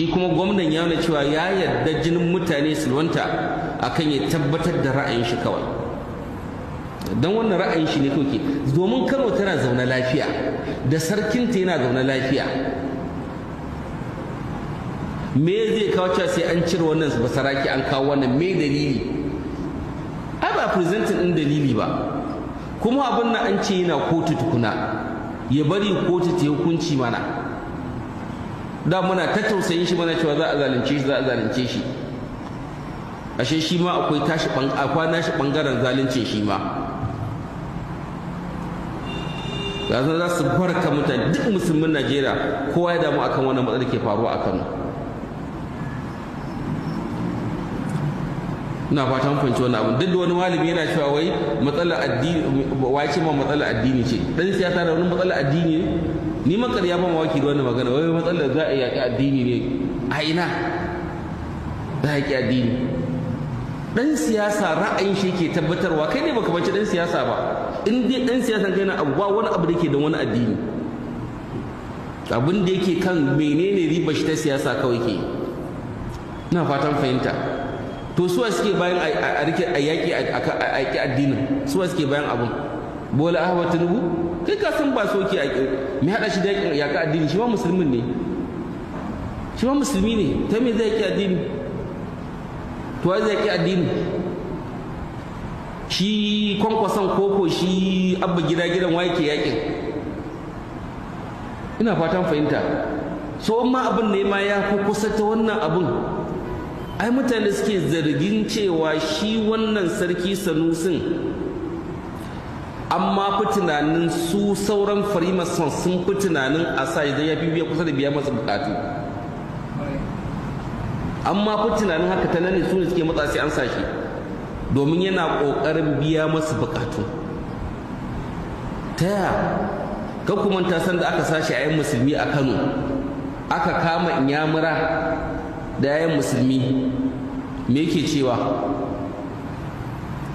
shi kuma gwamnan ya nuna cewa ya yarda jinin mutane silwanta akan ya tabbatar da ra'ayin shi kawai don wannan ra'ayin shi ne kuke domin kano tana zaune lafiya da sarkinta yana zaune lafiya me zai kawo cewa sai an cire wannan basaraki an kawo wannan me dalili ai ba presentin din dalili ba kuma abin nan an ce yana kotu tukuna ya bari kotu ta hukunci mana da muna ta tausayin shi mana cewa za a zalunce shi za a zalunce shi ashe shi ma akwai tashi kwana shi bangaren zalunce shi ma yanzu za su barka mutane duk musulmin najeriya kowa ya damu akan wannan matsalar ke faruwa a kano ina fatan fahimci wani abu. duk da wani malami yana cewa wai matsalar addini wai ce ma matsalar addini ce dan siyasa da wani matsalar addini ne ni ya ba mawaki da wani magana wai matsalar za a yaƙi addini ne a ina za a yaƙi addini dan siyasa ra'ayin shi ke tabbatarwa kai ne baka bace dan siyasa ba in dai dan siyasa kai na abu ba wani abu da ke da wani addini abin da yake kan menene riba shi ta siyasa kawai ke ina fatan fahimta to suwa suke bayan a rike a yaƙi a yaƙi addinin suwa suke bayan abun bola ahmad tunubu kai ka san ba soke a me hada shi da yaƙi addini shi ma musulmin ne shi ma musulmi ne ta me zai yaƙi addini to wai zai yaƙi addini shi kwankwason koko shi abba gida gidan waye ke yaƙin ina fatan fahimta so ma abin ne ma ya fi kusa ta wannan abin ai mutane suke zargin cewa shi wannan sarki sanusin amma fi tunanin su sauran farimason sun fi tunanin a sa idan ya fi biya kusa da biya masa bukatu amma fi tunanin haka ta nan su ne suke matsa sai an sashi domin yana ƙoƙarin biya masa bukatu ta yaya ka kuma ta san da aka sashi a yan musulmi a kano aka kama inyamura da yayin musulmi me yake cewa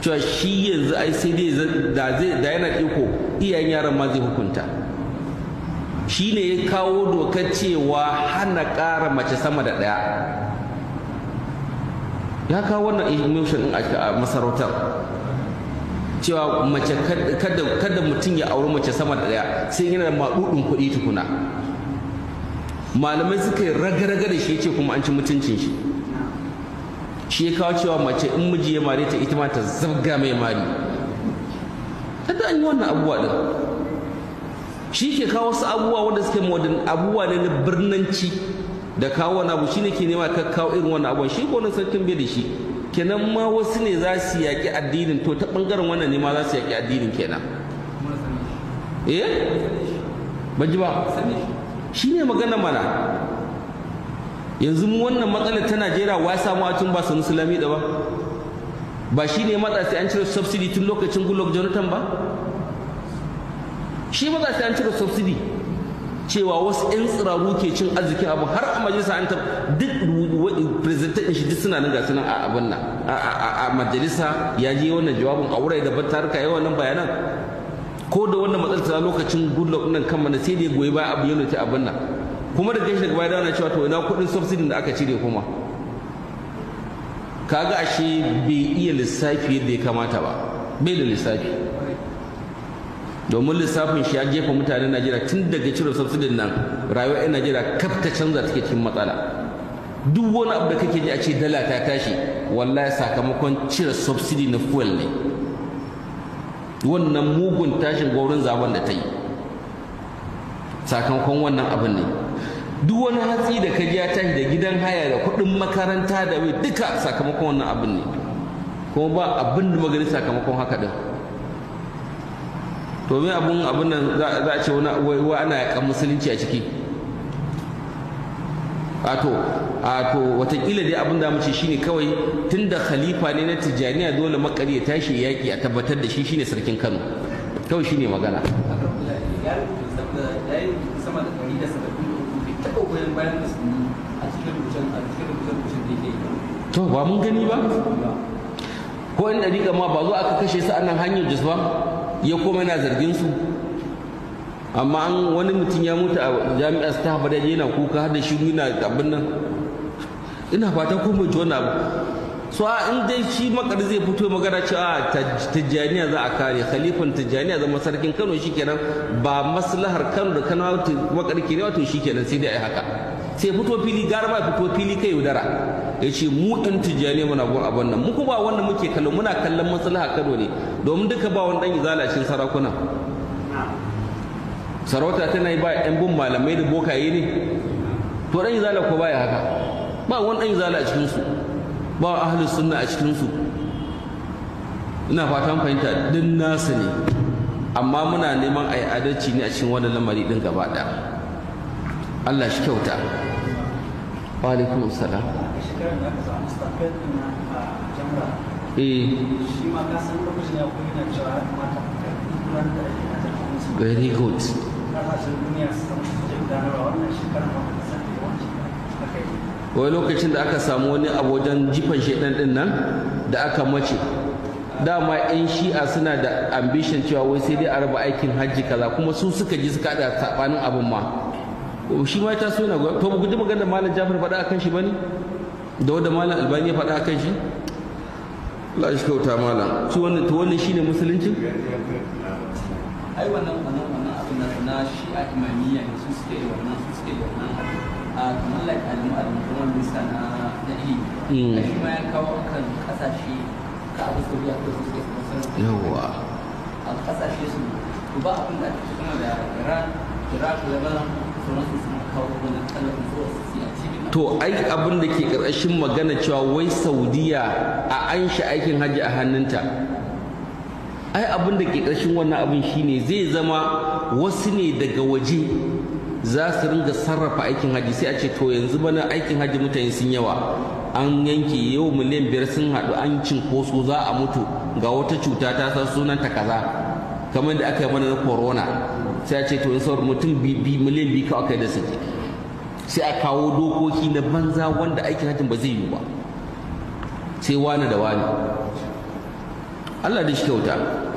cewa shi yanzu ai sai dai da zai da yana iko iyayen yaran ma zai hukunta shi ne ya kawo dokar cewa hana ƙara mace sama da ɗaya ya kawo wannan emotion a masarautar cewa mace kada mutum ya auri mace sama da ɗaya sai yana da maɗuɗin kuɗi tukuna malamai suka yi raga-raga da shi ce kuma an ci mutuncin shi shi ya kawo cewa mace in miji ya mare ta ita ma ta zabga mai mari kada an yi wannan abubuwa din shi ke kawo wasu abubuwa wanda suke modern abubuwa ne na birnanci da kawo wani abu shine ke nema ka kawo irin wannan abuwa shi ko sarkin bai da shi kenan ma wasu ne za su yaƙi addinin to ta ɓangaren wannan ne ma za su yaƙi addinin kenan eh ban ji ba Shi ne magana mana yanzu mu wannan matsalar ta Najeriya wa ya samu a tun ba sanu sulami da ba ba shi ne matsa sai an cire subsidy tun lokacin Goodluck Jonathan ba shi matsa sai an cire subsidy cewa wasu 'yan tsiraru ke cin arzikin abu har a majalisa an ta duk presentation shi duk suna nan ga sunan a abin nan a majalisa ya je wannan jawabin a wurare daban taruka yawan nan bayanan ko da wannan matsalar lokacin goodluck nan kan mana sai da ya goyi baya abu yana ta abin nan kuma da gashi daga baya da cewa to ina kuɗin subsidy da aka cire kuma kaga ashe bai iya lissafi yadda ya kamata ba bai da lissafi domin lissafin shi ya jefa mutanen Najeriya tun daga cire subsidy nan rayuwar 'yan Najeriya kaf ta canza take cikin matsala duk wani abu da kake ji a ce dala ta tashi wallahi sakamakon cire subsidy na fuel ne wannan mugun tashin gwaurin zaben da ta yi sakamakon wannan abin ne duk wani hatsi da kaji ya tashi da gidan haya da kuɗin makaranta da wai duka sakamakon wannan abin ne kuma ba abin da magani sakamakon haka din domin abun abin nan za a ce wani wa ana yakan musulunci a ciki ato ato watakila dai abin da muke shine kawai tunda khalifa ne na tijaniya dole makari ya tashi yaki a tabbatar da shi shine sarkin Kano kawai shine magana to ba mun gani ba ko in rika ma ba zo aka kashe su a nan hanyar jisba ya koma yana zargin su amma an wani mutum ya mutu a jami'a ta haɓar da yana kuka har da shi nuna abin nan ina fata ko bai wani abu so a in dai shi makar zai fito magana cewa tijjaniya za a kare khalifan tijjaniya zama sarkin kano shikenan ba maslahar kano da kano makar ke wato shikenan sai dai yi haka sai fito fili gara ba fito fili kai yaudara ya ce mu ɗan tijjaniya muna gwan abin nan mu ba wanda muke kallon muna kallon maslahar kano ne domin duka ba wani ɗan izalacin sarakuna sarauta tana yi ba yan bin malamai da bokaye ne to dan izala ko baya haka ba wani dan izala a cikin su ba ahlus sunna a cikin su ina fatan fahimta din nasu ne amma muna neman a yi adalci ne a cikin wannan lamari din gaba Allah shi kyauta wa alaikum salam eh. very good wai lokacin da aka samu wani abu wajen jifan shaidan din nan da aka mace dama yan shi'a suna da ambishin cewa wai sai dai a raba aikin hajji kaza kuma su suka ji suka da sabanin abin ma shi ma ta so yana to ba guji maganar malam jafar faɗa akan shi bane da wanda malam albani ya faɗa akan shi Allah shi kauta malam to wannan to wannan shine musulunci ai wannan wannan na shi'a imaniya ne su suke da wannan su suke da wannan a kamar like alimu alimu kuma minista na na ilimi mm. shi ma ya kawo kan kasashe ka abu sauriya ko su suke sponsor yawa a kasashe su ku ba abin da ake kuma da iran iraq sauran su suna kawo wannan tallafin zuwa su siya to ai abin da ke karkashin magana cewa wai saudiya a an shi aikin hajji a hannunta ai abin da ke karkashin wannan abin shine zai zama wasu ne daga waje za su ringa sarrafa aikin haji sai a ce to yanzu bana aikin haji mutane sun yawa an yanke yau miliyan biyar sun haɗu an cinkoso za a mutu ga wata cuta ta san sunan ta kaza kamar da aka yi mana na corona sai a ce to yanzu mutum bi miliyan biyu kawai kai da su sai a kawo dokoki na banza wanda aikin hajjin ba zai yi ba sai wani da wani Allah da shi kyauta